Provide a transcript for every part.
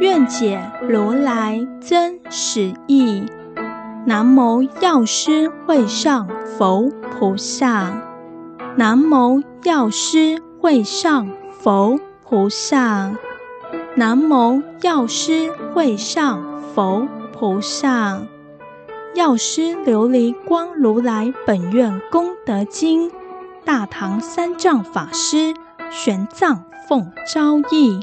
願解如來真實義，南無藥師會上佛菩薩，南無藥師會上佛菩薩，南無藥師會上佛菩薩。藥師琉璃光如來本願功德經，大唐三藏法師玄奘奉詔譯。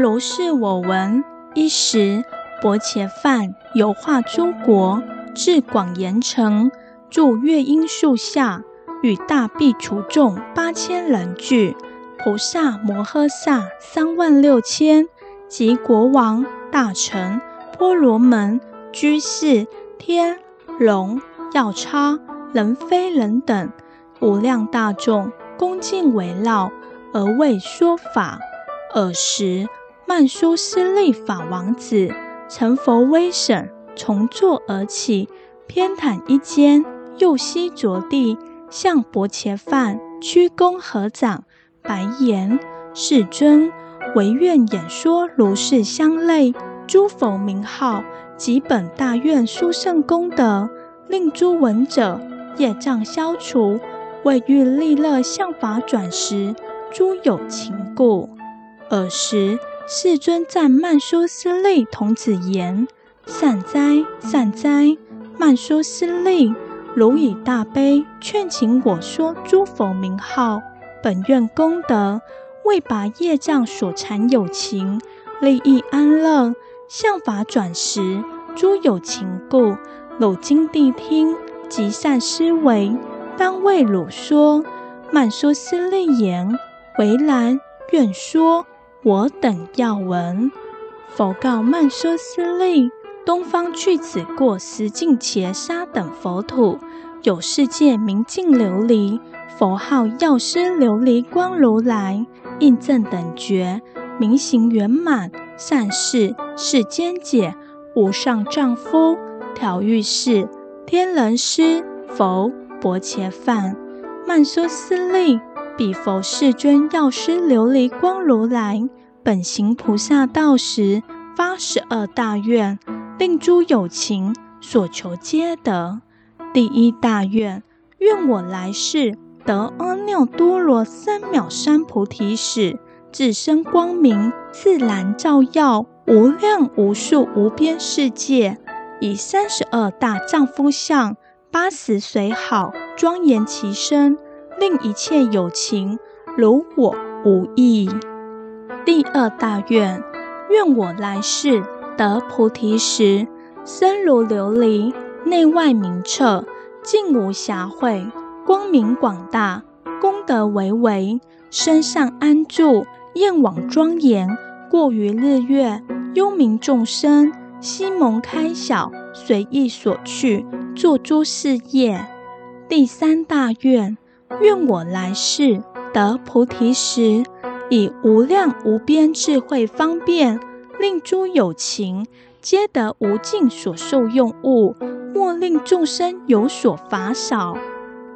如是我聞。一時，薄伽梵遊化諸國，至廣嚴城，住樂音樹下，與大苾芻眾八千人俱，菩薩摩訶薩三萬六千，及國王、大臣、婆羅門、居士、天、龍、藥叉、人非人等，無量大眾恭敬圍繞，而為說法。爾時。曼殊室利法王子承佛威神，從座而起，偏袒一肩，右膝着地，向薄伽梵曲躬合掌，白言：“世尊，唯願演說如是相類諸佛名號及本大願殊勝功德，令諸聞者業障消除，為欲利樂像法轉時，諸有情故，爾時。”世尊讚曼殊斯利童子言：“善哉，善哉！曼殊斯利，汝以大悲勸請我說諸佛名號、本願功德，為拔業障所纏有情，利益安樂，像法轉時，諸有情故，汝今諦聽，極善思維，當為汝說。曼殊斯利言：‘唯然，願說。’”我等要聞，佛告曼殊室利：東方去此過十殑伽沙等佛土，有世界名淨琉璃，佛號藥師琉璃光如來，應、正等覺，明行圓滿，善逝世間解，無上丈夫，調御士，天人師，佛，薄伽梵，曼殊室利。彼佛世尊藥師琉璃光如來，本行菩薩道時，發十二大願，令諸有情所求皆得。第一大願，願我來世得阿耨多羅三藐三菩提時，自身光明自然照耀無量無數無邊世界，以三十二大丈夫相，八十隨好莊嚴其身。令一切有情如我無異。第二大願，願我來世得菩提時，身如琉璃，內外明徹，淨無瑕穢，光明廣大，功德巍巍，身善安住，焰網莊嚴，過於日月。幽冥眾生悉蒙開曉，隨意所趣，作諸事業。第三大願，願我來世得菩提時，以無量無邊智慧方便，令諸有情皆得無盡所受用物，莫令眾生有所乏少。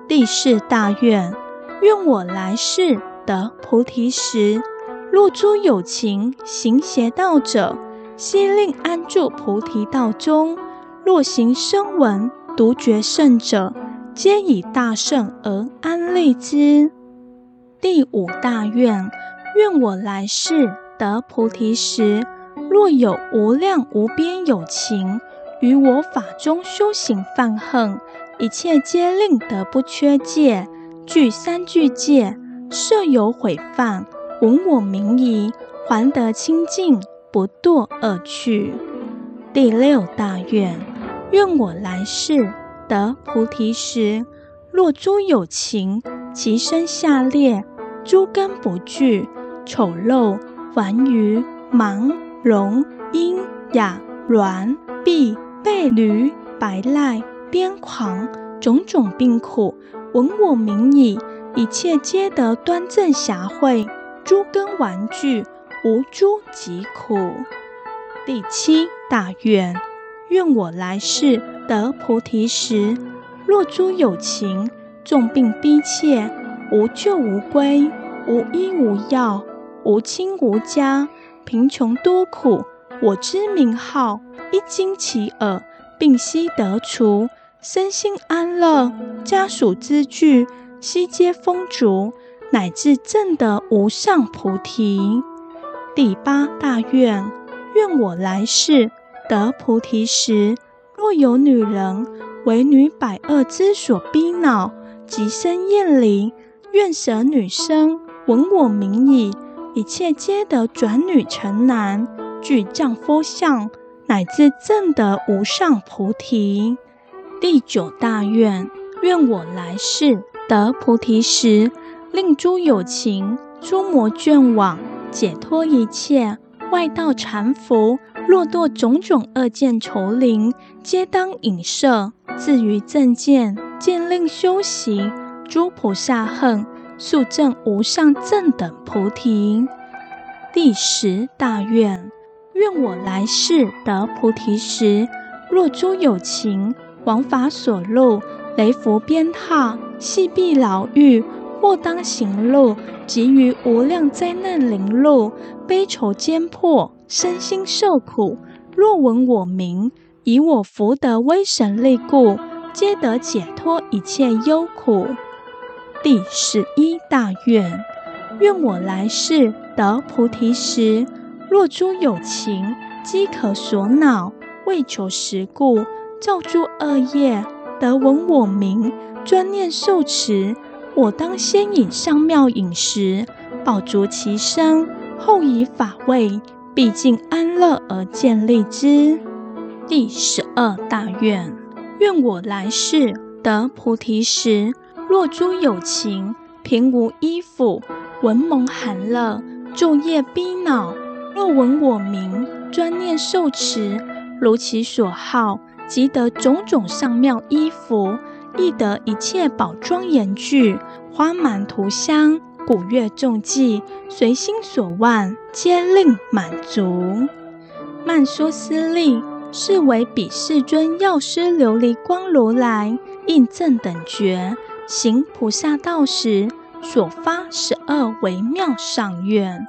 第四大願：願我來世得菩提時，若諸有情行邪道者，悉令安住菩提道中；若行聲聞獨覺乘者。皆以大乘而安立之。第五大願：願我來世得菩提時，若有無量無邊有情，於我法中修行梵行，一切皆令得不缺戒、具三聚戒，設有毀犯，聞我名已，還得清淨，不墮惡趣。第六大願：願我來世。得菩提時，若諸有情，其身下劣，諸根不具，醜陋、頑愚、盲聾、喑啞、攣躄、背僂、白癩、癲狂，種種病苦，聞我名已，一切皆得端正黠慧，諸根完具，無諸疾苦。第七大願。願我來世得菩提時，若諸有情，重病逼切，無救無歸，無醫無藥，無親無家，貧窮多苦，我知名號，一經其耳，病悉得除，身心安樂，家屬資具悉皆豐足，乃至證得無上菩提。第八大願：願我來世。得菩提時，若有女人為女百惡之所逼惱，及生厭離，願捨女身，聞我名已，一切皆得轉女成男，具丈夫相，乃至證得無上菩提。第九大願，願我來世得菩提時，令諸有情，諸魔眷往，解脫一切外道纏縛。若墮種種惡見稠林，皆當引攝；置於正見，漸令修習。諸菩薩恨速證無上正等菩提。第十大願：願我來世得菩提時，若諸有情，王法所入，雷福鞭撻，繫閉牢獄，或當刑戮，及餘無量災難臨露，悲愁煎迫。身心受苦，若聞我名，以我福德威神力故，皆得解脫一切憂苦。第十一大願，願我來世得菩提時，若諸有情饑渴所惱，為求食故造諸惡業，得聞我名，專念受持，我當先以上妙飲食，飽足其身，後以法味畢竟安樂而建立之。第十二大願：願我來世得菩提時，若諸有情貧無衣服、蚊虻寒熱，晝夜逼惱，若聞我名，專念受持，如其所好，即得種種上妙衣服，亦得一切寶莊嚴具、花鬘塗香。古月眾伎隨心所望，皆令滿足。曼殊斯利，是為彼世尊藥師琉璃光如來應正等覺行菩薩道時所發十二微妙上願，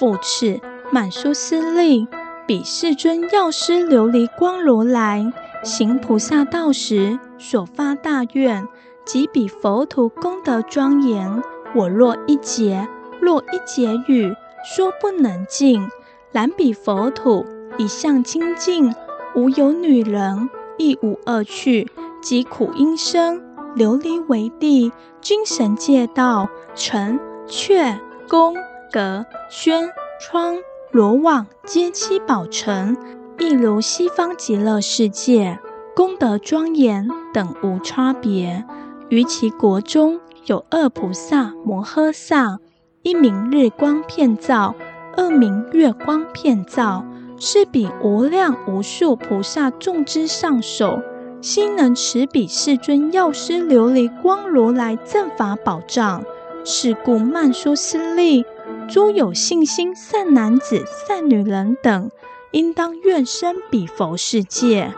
復次，曼殊斯利，彼世尊藥師琉璃光如來行菩薩道時，所發，薩道時所發大願，及彼佛土功德莊嚴。我若一劫，若一劫餘，說不能盡。然彼佛土，一向清淨，無有女人，亦無惡趣，及苦音聲，琉璃為地，金繩界道，城闕宮閣軒窗羅網，皆七寶成。亦如西方極樂世界，功德莊嚴等無差別。於其國中，有二菩薩摩訶薩，一名日光遍照，二名月光遍照，是彼無量無數菩薩眾之上首，心能持彼世尊藥師琉璃光如來正法寶藏。是故曼殊斯利，諸有信心善男子、善女人等，應當願生彼佛世界。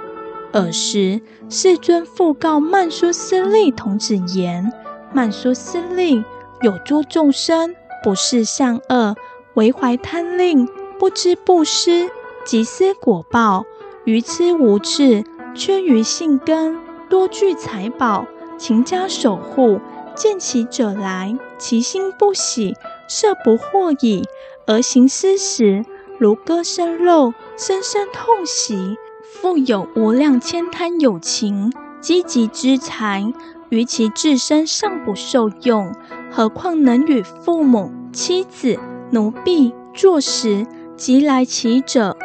爾時世尊復告曼殊斯利童子言。曼殊室利，有諸眾生，不識善惡，唯懷貪吝，不知布施，及施果報，愚癡無智，缺於信根，多聚財寶，勤加守護，見乞者來，其心不喜，設不獲已，而行施時，如割身肉，深生痛惜，復有無量慳貪有情，積集資財。於其自身尚不受用，何況能與父母、妻子、奴婢坐、作使，即來乞者，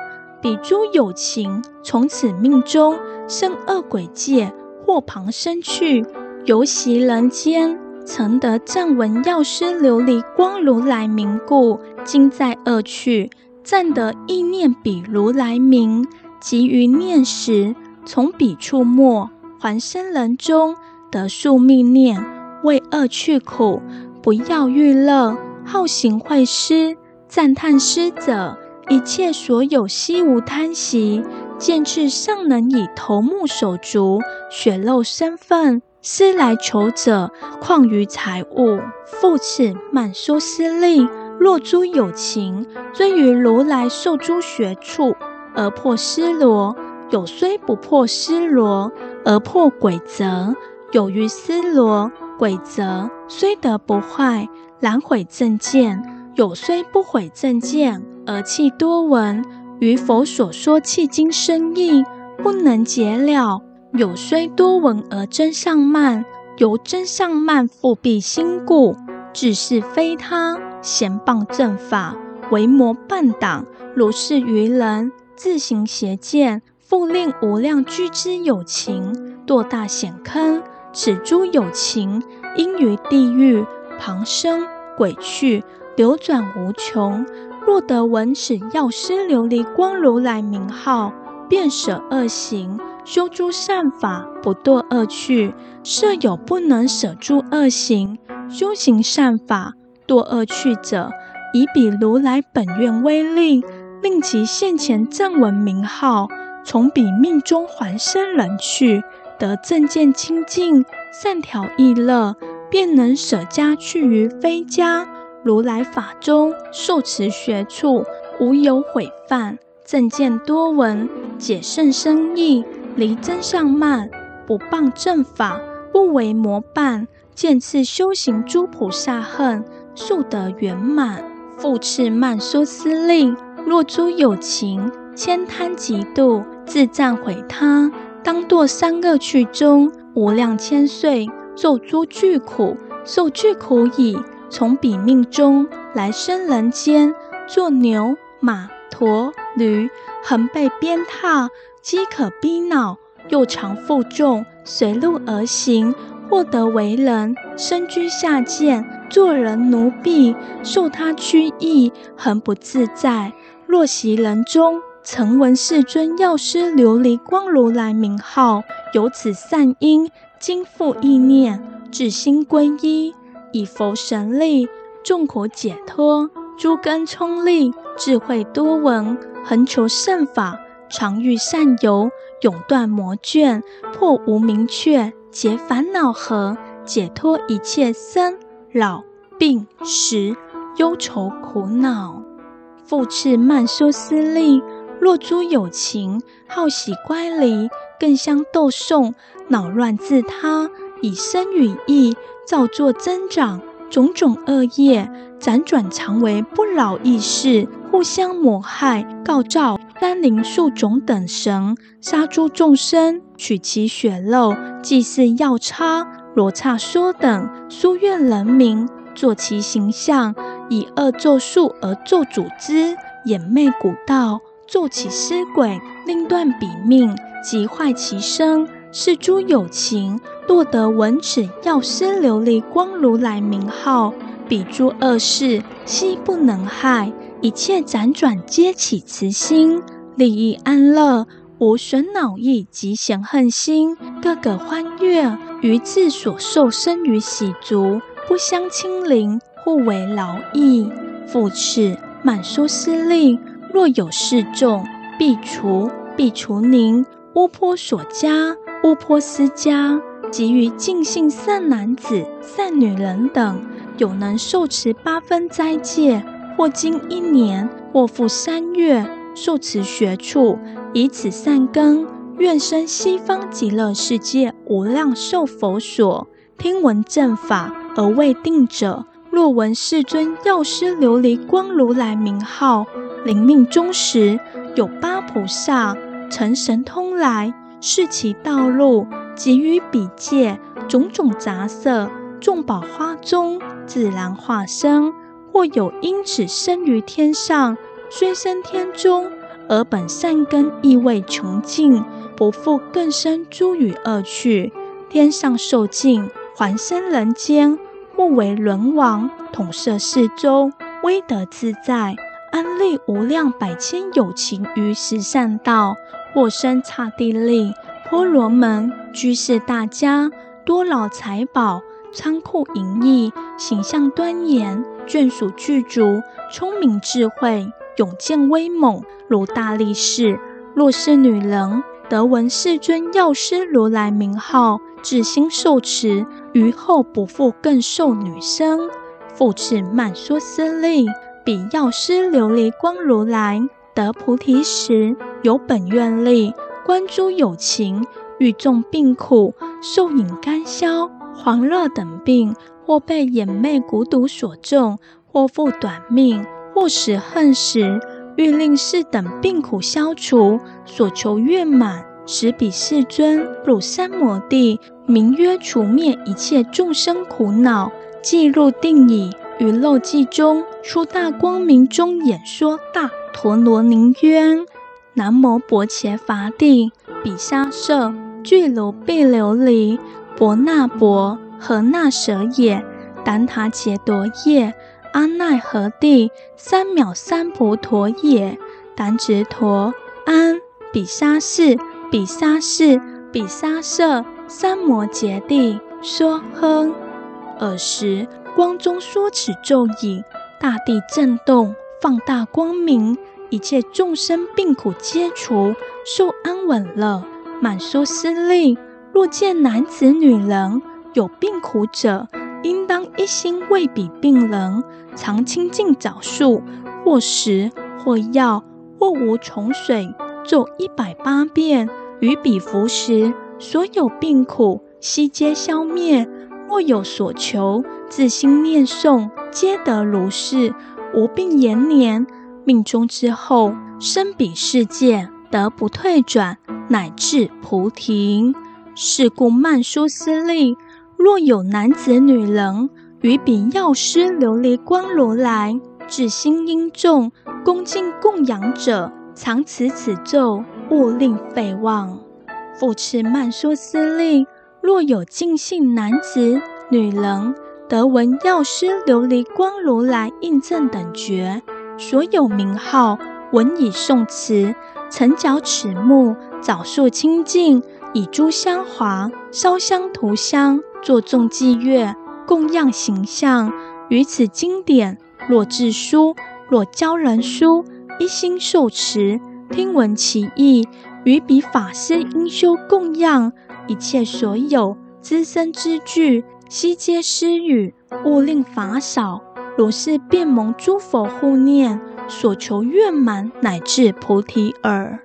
彼諸有情從此命終生惡鬼界或旁生趣，由昔人間曾得暫聞藥師琉璃光如來名故，今在惡趣暫得憶念彼如來名，即於念時從彼處沒還生人中。得宿命念，為惡趣苦，不要欲樂，好行惠施，讚歎施者，一切所有悉無貪惜。漸次尚能以頭目手足血肉身分施來求者，況於財物。復次曼殊室利。若諸有情尊於如來受諸學處，而破屍羅；有雖不破屍羅，而破軌則。有於屍羅軌則，雖得不壞，然毀正見；有雖不毀正見，而棄多聞；於佛所說，契經深義，不能解了；有雖多聞，而增上慢；由增上慢，覆蔽心故，自是非他，嫌謗正法，為魔伴黨。如是愚人，自行邪見，復令無量俱胝有情墮大險坑。此諸有情，因於地獄、旁生、鬼趣流轉無窮。若得聞此藥師琉璃光如來名號，便捨惡行，修諸善法，不墮惡趣。設有不能捨諸惡行，修行善法，墮惡趣者，以彼如來本願威力，令其現前正聞名號，從彼命中還生人趣。得正見清淨，善調意樂，便能捨家去於非家。如來法中受持學處，無有毀犯。正見多聞，解甚深義，離真上慢，不謗正法，不為魔伴。見次修行諸菩薩，恨速得圓滿。復次曼殊室利：若諸有情，慳貪嫉妒，自贊毀他。當墮三惡趣中，無量千歲，受諸劇苦，受劇苦已，從彼命中來生人間，作牛馬駝驢，恆被鞭撻，飢渴逼惱，又常負重，隨路而行，獲得為人，身居下賤，做人奴婢，受他驅役，恆不自在。若昔人中。曾聞世尊藥師琉璃光如來名號，由此善因，今復憶念，至心皈依，以佛神力，眾苦解脫，諸根聰利，智慧多聞，恆求聖法，常遇善友，永斷魔眷，破無明確，竭煩惱河，解脫一切生老病死憂愁苦惱。復次曼殊斯利。若諸有情，好喜乖離，更相鬥訟，惱亂自他，以身語意造作增長種種惡業，輾轉常為不饒益事，互相謀害，告召山林樹塚等神，殺諸眾生，取其血肉，祭祀藥叉羅剎娑等，書怨人名，作其形象，以惡咒術而咒詛之，厭魅蠱道。作起屍鬼，令斷彼命，及壞其身，是諸有情，若得聞此藥師琉璃光如來名號，彼諸惡事悉不能害，一切輾轉皆起慈心，利益安樂，無損惱意及嫌恨心，各個歡悅，於自所受生於喜足，不相侵凌，互為勞役。復次，曼殊室利。若有四眾，苾芻苾芻尼，您鄔波索迦鄔波斯迦，及餘淨信善男子、善女人等，有能受持八分齋戒，或經一年，或復三月，受持學處，以此善根，願生西方極樂世界無量壽佛所。聽聞正法而未定者，若聞世尊藥師琉璃光如來名號。臨命終時，有八菩薩乘神通來示其道路，即於彼界種種雜色眾寶花中自然化身。或有因此生於天上，雖生天中，而本善根亦未窮盡，不復更生諸餘惡趣。天上受盡，還生人間，或為輪王，統攝四洲，威德自在。安立無量百千有情於十善道，獲生剎帝利、婆羅門、居士大家，多老財寶倉庫盈溢，形象端嚴，眷屬具足，聰明智慧，勇健威猛，如大力士。若是女人得聞世尊藥師如來名號，至心受持，於後不復更受女身復至曼殊室利。彼藥師琉璃光如來得菩提時，由本願力，觀諸有情，遇眾病苦、瘦攣乾消、黃熱等病，或被魘魅蠱毒所中，或復短命，或時橫死，欲令是等病苦消除，所求願滿，時彼世尊入三摩地，名曰除滅一切眾生苦惱，既入定已。於肉髻中出大光明，中演說大陀羅尼曰：“南摩薄伽伐帝，比沙社俱盧畢琉璃，波那波和那舍也，達他伽多夜阿那何帝三藐三菩陀也。達直陀安比沙士比沙士比沙社三摩羯帝莎訶。”爾時，光中說此咒語，大地震動，放大光明，一切眾生病苦皆除，受安穩樂，曼殊室利。若見男子女人有病苦者，應當一心為彼病人，常清淨澡漱，或食或藥或無蟲水，咒一百八遍，與彼服食，所有病苦悉皆消滅。若有所求，自心念誦，皆得如是，無病延年。命終之後，生彼世界，得不退轉，乃至菩提。是故曼殊室利，若有男子女人於彼藥師琉璃光如來至心殷重恭敬供養者，常持此，此咒，勿令廢忘。復次曼殊室利。若有淨信男子、女人、得聞藥師琉璃光如來應正等覺，所有名號，聞已誦持，晨嚼齒木，澡漱清淨，以諸香華燒香塗香，作眾伎樂、供養形象，於此經典，若自書，若教人書，一心受持，聽聞其義，與彼法師應修供養，一切所有資身之具悉皆施與，勿令乏少。如是遍蒙諸佛護念，所求願滿，乃至菩提耳。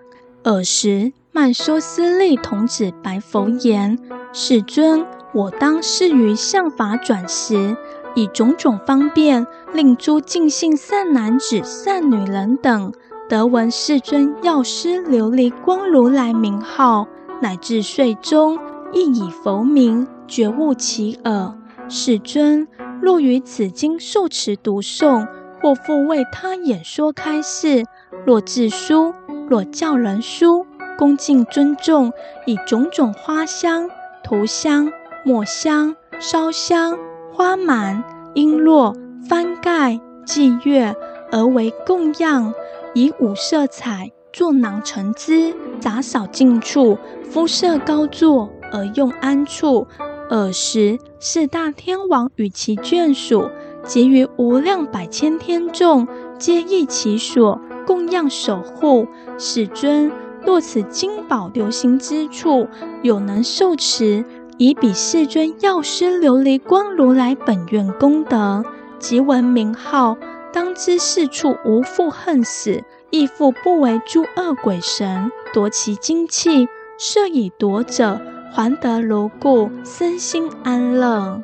爾時，曼殊斯利童子白佛言：“世尊，我當事於像法轉時，以種種方便，令諸淨信善男子、善女人等，得聞世尊藥師琉璃光如來名號。”乃至睡中，亦以佛名覺悟其耳。世尊，若於此經受持讀誦，或復為他演說開示，若自書，若教人書，恭敬尊重，以種種花香、塗香、末香、燒香、花鬘、瓔珞、幡蓋、伎樂而為供養，以五色彩。作囊盛之，雜掃淨處，敷設高座而用安處。爾時，四大天王與其眷屬，及餘無量百千天眾，皆詣其所，供養守護。世尊，若此經寶流行之處，有能受持，以彼世尊藥師琉璃光如來本願功德，及聞名號，當知是處無復橫死。亦復不為諸惡鬼神奪其精氣，設以奪者，還得如故，身心安樂。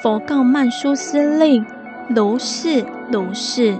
佛告曼殊室利：“如是，如是，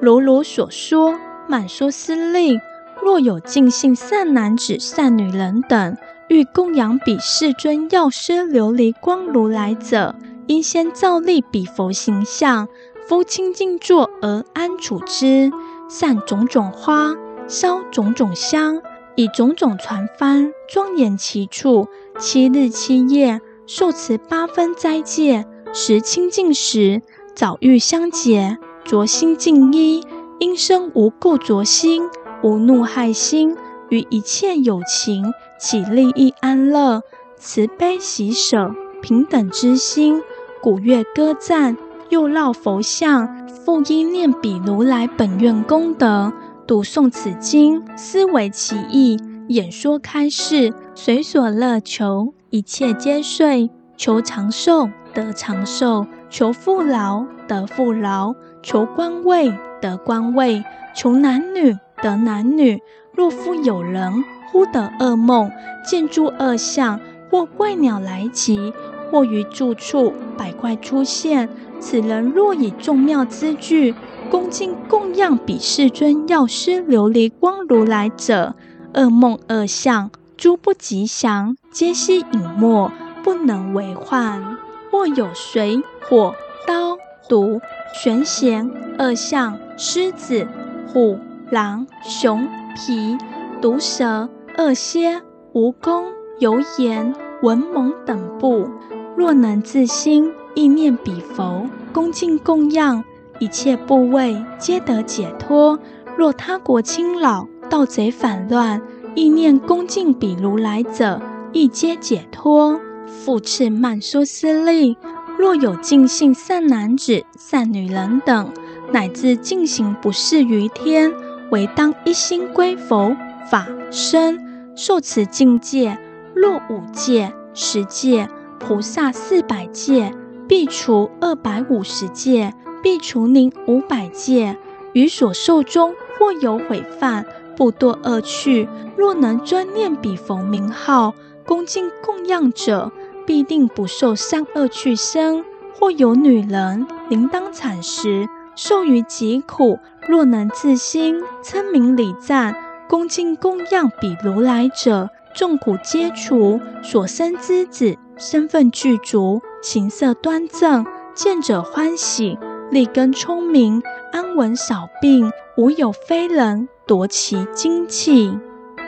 如汝所說。”曼殊室利：“若有淨信善男子、善女人等，欲供養彼世尊藥師琉璃光如來者，應先造立彼佛形象，夫清淨坐而安處之。”散種種花，燒種種香，以種種幢幡莊嚴其處，七日七夜受持八分齋戒，食清淨食，澡浴香潔。著新淨衣，應生無垢濁心，無怒害心，於一切有情起利益安樂、慈悲喜舍、平等之心，鼓樂歌讚，右繞佛像。復應念彼如來本願功德，讀誦此經，思維其義，演說開示，隨所樂求，一切皆遂。求長壽得長壽，求富饒得富饒，求官位得官位，求男女得男女。若復有人忽得惡夢，見諸惡相，或怪鳥來集，或於住處百怪出現。此人若以眾妙之具，恭敬供養彼世尊藥師琉璃光如來者，惡夢惡相諸不吉祥，皆悉隱沒，不能為患。或有水火刀毒、懸險惡相、獅子、虎、狼、熊、羆、毒蛇、惡蠍、蜈蚣、蚰蜒、蚊虻等怖，若能至心，憶念彼佛恭敬供養，一切怖畏皆得解脫。若他國侵擾、盜賊反亂，憶念恭敬彼如來者，亦皆解脫。復次，曼殊室利，若有淨信善男子、善女人等，乃至盡形不事餘天，唯當一心歸佛法僧，受持禁戒，若五戒、十戒、菩薩四百戒。必除二百五十戒，必除尼五百戒。於所受中，或有毀犯，不墮惡趣。若能專念彼佛名號，恭敬供養者，必定不受三惡趣生。或有女人臨當產時，受於疾苦，若能自心稱名禮讚，恭敬供養彼如來者，眾苦皆除。所生之子，身份具足，形色端正，見者歡喜；利根聰明，安穩少病，無有非人奪其精氣。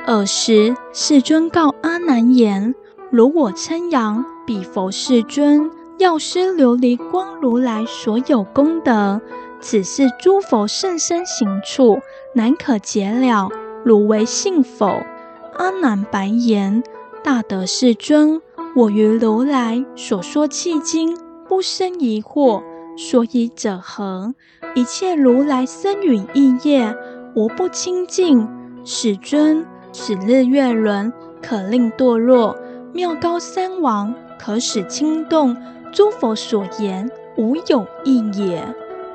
爾時世尊告阿難言：“如我稱揚彼佛世尊藥師琉璃光如來所有功德，此是諸佛甚深行處，難可解了。汝為信否？”阿難白言：“大德世尊。”我於如來所說棄經，不生疑惑。所以者何？一切如來身語意業，無不清淨。世尊，使日月輪可令墮落，妙高山王可使輕動。諸佛所言無有異也。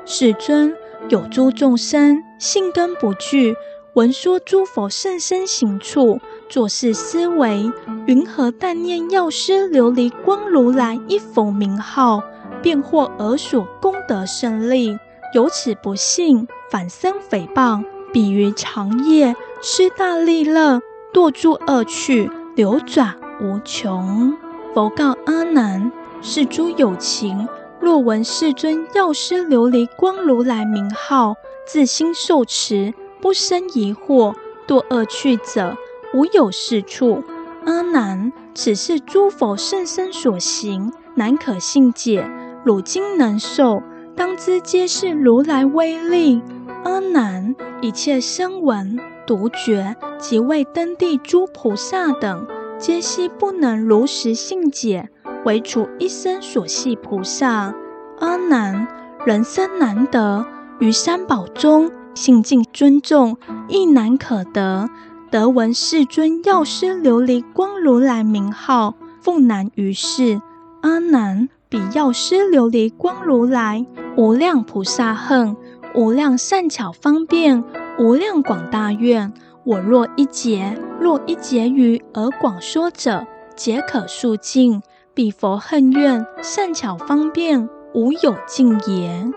世尊，有諸眾生性根不具，聞說諸佛甚深行處。作事思維，云何但念藥師琉璃光如來一佛名號，便獲爾所功德勝利？由此不信，反生誹謗。彼於長夜失大利樂，墮諸惡趣，流轉無窮。佛告阿難：是諸有情，若聞世尊藥師琉璃光如來名號，自心受持，不生疑惑，墮惡趣者。無有是處。阿難，此是諸佛甚深所行，難可信解。汝今能受，當知皆是如來威力。阿難，一切聲聞、獨覺及未登地諸菩薩等，皆悉不能如實信解，唯除一生所繫菩薩。阿難，人身難得，於三寶中信敬尊重，亦難可得。得聞世尊藥師琉璃光如來名號，復難於是。阿難，彼藥師琉璃光如來，無量菩薩恨，無量善巧方便，無量廣大願。我若一劫，若一劫餘而廣說者，皆可速盡。彼佛恨願善巧方便，無有盡也。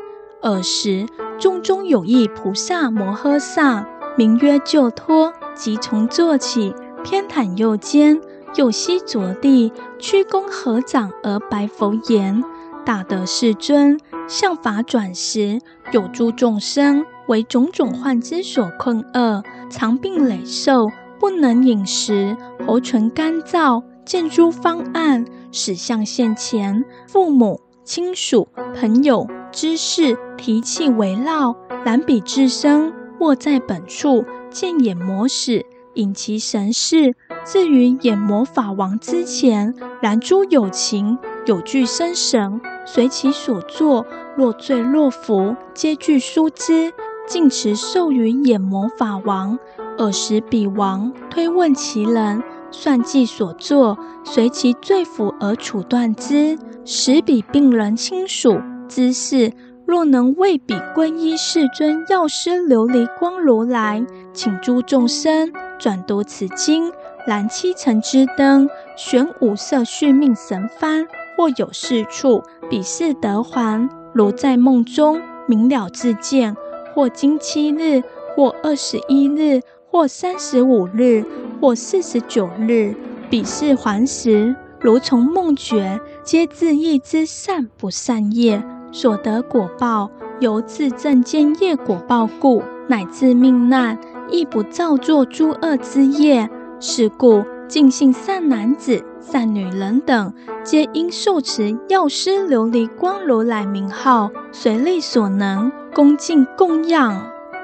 爾時，眾中，中有一菩薩摩訶薩，名曰救脫。即從坐起，偏袒右肩，右膝着地，曲躬合掌而白佛言：“大德世尊，像法轉時，有諸眾生為種種患之所困厄，長病羸瘦，不能飲食，喉唇乾燥，見諸方暗，死相現前，父母、親屬、朋友、知識、啼泣圍繞，然彼自身，臥在本處。”見琰魔使引其神識，至於琰魔法王之前，然諸有情有俱生神，隨其所作，若罪若福，皆具書之，盡持授與琰魔法王。爾時彼王推問其人算計所作，隨其罪福而處斷之。時彼病人親屬知識，若能為彼皈依世尊藥師琉璃光如來。請諸眾生轉讀此經，燃七層之燈，懸五色續命神幡。或有是處，彼識得還；如在夢中，明了自見。或經七日，或二十一日，或三十五日，或四十九日，彼識還時，如從夢覺，皆自憶知善不善業所得果報，由自證見業果報故，乃至命難。亦不造作諸惡之業，是故淨信善男子、善女人等，皆應受持藥師琉璃光如來名號，隨力所能恭敬供養。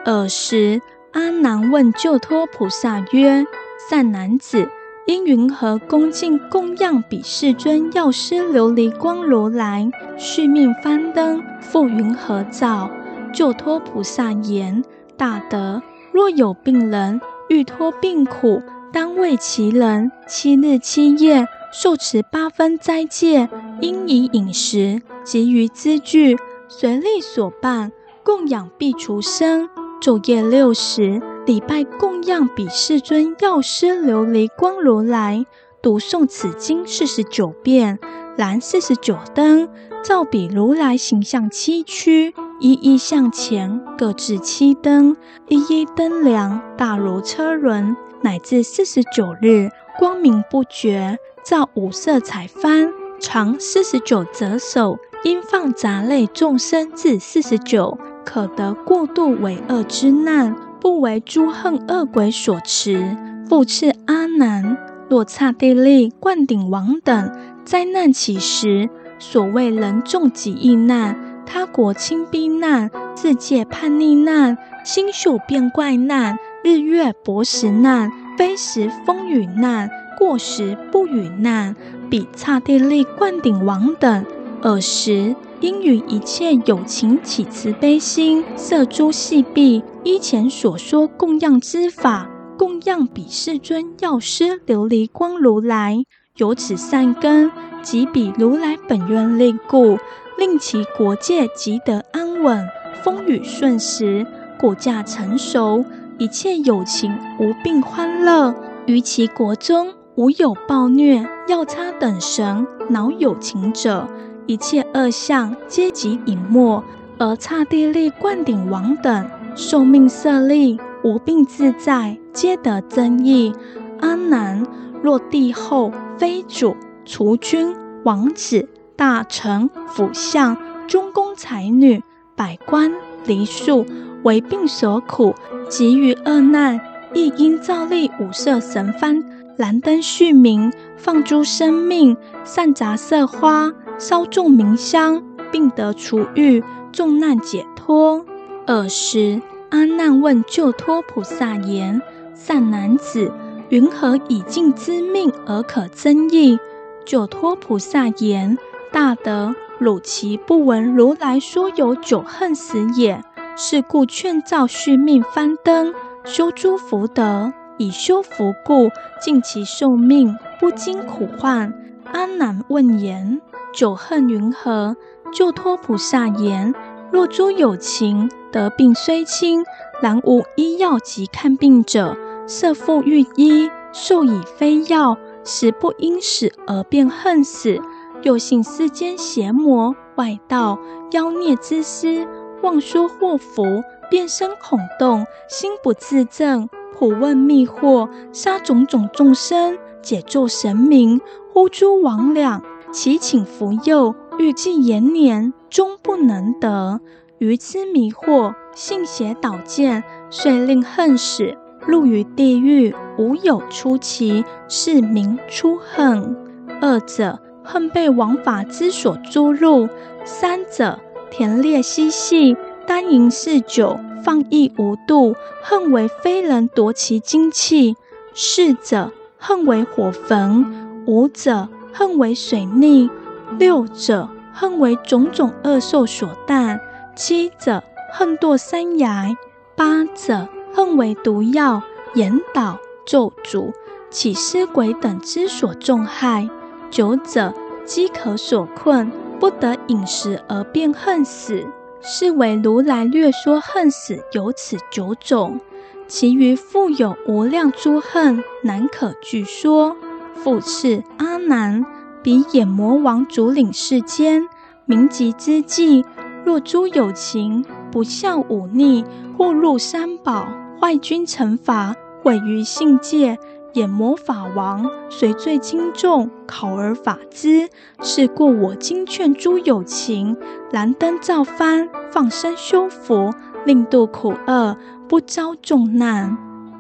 爾時，阿難問救脫菩薩曰：“善男子，應云何恭敬供養彼世尊藥師琉璃光如來，續命幡燈復云何造？”救脫菩薩言：“大德。”若有病人欲脫病苦，當為其人七日七夜受持八分齋戒，應以飲食及餘資具隨力所辦供養苾芻僧，晝夜六時禮拜供養彼世尊藥師琉璃光如來，讀誦此經四十九遍，燃四十九燈，照彼如來形象七軀。一一像前，各置七燈，一一燈量大如車輪，乃至四十九日光明不絕，照五色彩幡，長四十九搩手，應放雜類眾生至四十九，可得過度危厄之難，不為諸橫惡鬼所持。複次，阿難，若剎帝利、灌頂王等災難起時，所謂人眾疾疫難。他國侵逼難，自界叛逆難，星宿變怪難，日月薄蝕難，非時風雨難，過時不雨難，彼剎帝利灌頂王等。爾時，應與一切有情起慈悲心，赦諸繫閉。依前所說供養之法，供養彼世尊藥師琉璃光如來。由此善根，即彼如來本願力故。令其國界即得安穩，風雨順時，穀稼成熟，一切有情無病歡樂。於其國中無有暴虐、藥叉等神惱有情者，一切惡相皆即隱沒。而剎帝利、灌頂王等壽命色力，無病自在，皆得增益安南。若帝後、妃主、儲君、王子、大臣、輔相、中宮才女、百官、黎庶為病所苦，及於厄難，亦應造立五色神幡、燃燈續明、放諸生命、散雜色花、燒眾名香，病得除愈，眾難解脫。爾時，阿難問救脫菩薩言：“善男子，云何已盡之命而可增益？”救脫菩薩言。大德汝豈不聞如來說有九橫死也？是故勸造續命幡燈，修諸福德，以修福故，盡其壽命，不經苦患，阿難問言九橫雲何？救脫菩薩言：若諸有情得病雖輕，然無醫藥及看病者，設復遇醫，授以非藥，實不應死而便橫死。又信世間邪魔外道妖孽之師妄說禍福，變身恐動，心不自正，卜問迷惑，殺種種眾生，解作神明，呼諸魍魉，祈請福佑，欲冀延年，終不能得，愚痴迷惑，信邪倒見，遂令橫死，入於地獄，無有出期，是名初橫，二者。恨被王法之所誅戮；三者，田獵嬉戲，耽婬嗜酒，放逸無度；恨為非人奪其精氣；四者，恨為火焚；五者，恨為水溺；六者，恨為種種惡獸所啖；七者，恨墮山崖；八者，恨為毒藥、厭禱、咒詛、起屍鬼等之所中害。九者飢渴所困，不得飲食而便橫死，是為如來略說橫死有此九種，其餘復有無量諸橫，難可具說。復次，阿難，彼琰魔王主領世間，名籍之記，若諸有情不孝五逆，破辱三寶，壞君臣法，毀於信戒。演魔法王，隨罪輕重，考而罰之。是故我今勸諸有情，燃燈造幡，放生修福，令度苦厄，不遭眾難。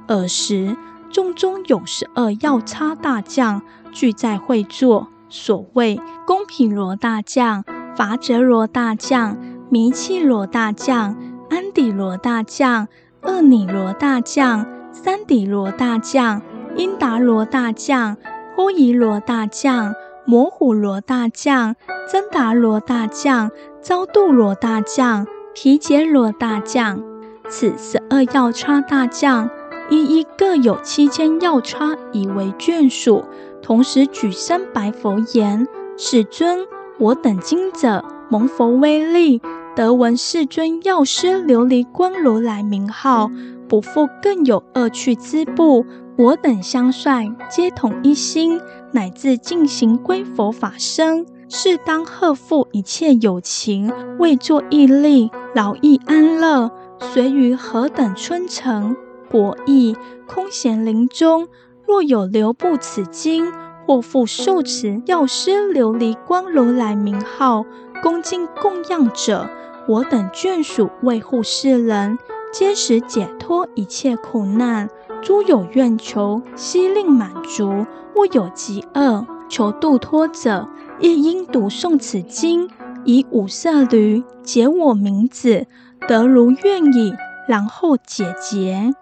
爾時眾中有十二藥叉大將，俱在會座，所謂宮毘羅大將、伐折羅大將、迷企羅大將、安底羅大將、頞儞羅，羅大將、珊底羅大將、因達羅大將、呼夷羅大將、摩虎羅大將、真達羅大將、招杜羅大將、毘羯羅大將，此十二藥叉大將，一一各有七千藥叉以為眷屬，同時舉身白佛言：“世尊，我等今者蒙佛威力，得聞世尊藥師琉璃光如來名號，不復更有惡趣之怖。”我等相率，皆同一心，乃至盡行歸佛法身，誓當荷負一切有情，為作義利，勞逸安樂。隨於何等村城、國邑、空閑林中，若有流布此經，或復受持藥師琉璃光如來名號，恭敬供養者，我等眷屬為護世人，皆使解脫一切苦難。諸有願求，悉令滿足；或有疾厄，求度脫者，亦應讀誦此經，以五色縷結我名字，得如願已，然後解結。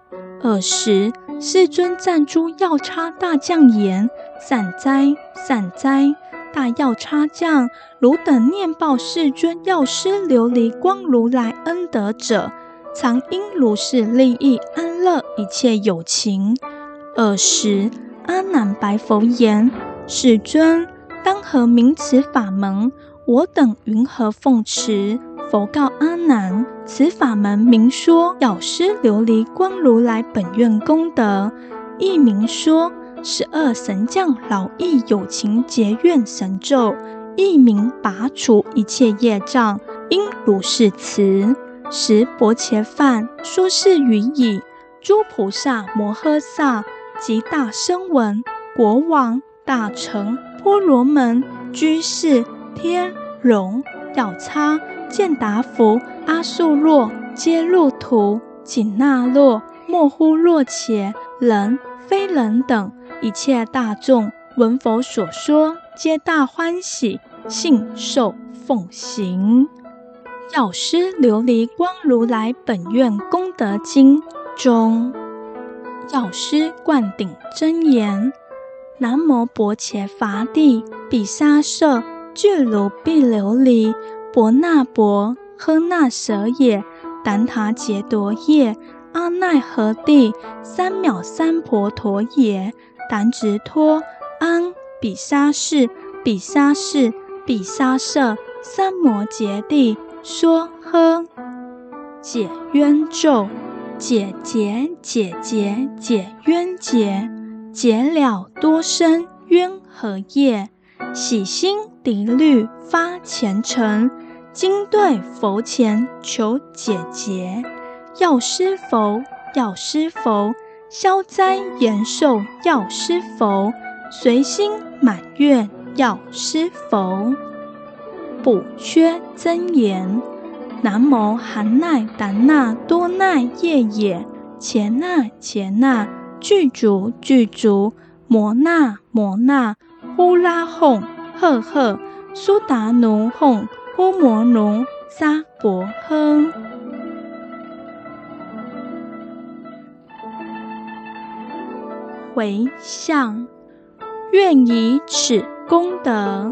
爾時，世尊讚諸藥叉大將言：“善哉，善哉！大藥叉將，汝等念報世尊藥師琉璃光如來恩德者。”藏應如是利益安樂一切有情。爾時阿難白佛言：“世尊，當何名此法門？”我等云何奉持？佛告阿難：“此法門名說藥師琉璃光如來本願功德，亦名說十二神將老易有情結怨神咒，亦名拔除一切業障，應如是慈。”時薄伽梵說是語已，諸菩薩摩訶薩及大聲聞、國王、大臣、婆羅門、居士、天榮、龍、藥叉、健達縛、阿素洛、揭路荼、緊捺洛、莫呼洛伽、人、非人等一切大眾，聞佛所說，皆大歡喜，信受奉行。藥師琉璃光如來本願功德經中，藥師灌頂真言：南摩薄伽伐帝，比沙社俱盧畢琉璃，伯納伯，那婆亨那舍也，怛他伽多夜，阿那何帝，三藐三菩陀也。怛侄他，安比沙誓，比沙誓，比沙社三摩羯帝。說喝解冤咒，解結解結解，解，解冤結，解了多生冤和業，洗心滌慮發虔誠，今對佛前求解結。藥師佛，藥師佛，消災延壽藥師佛，隨心滿願藥師佛。補缺真言。南摩韓奈達那多奈耶耶，切那切那，具足具足，摩那摩那，呼啦哄赫赫，蘇達奴哄呼摩奴沙婆訶，回向，願以此功德，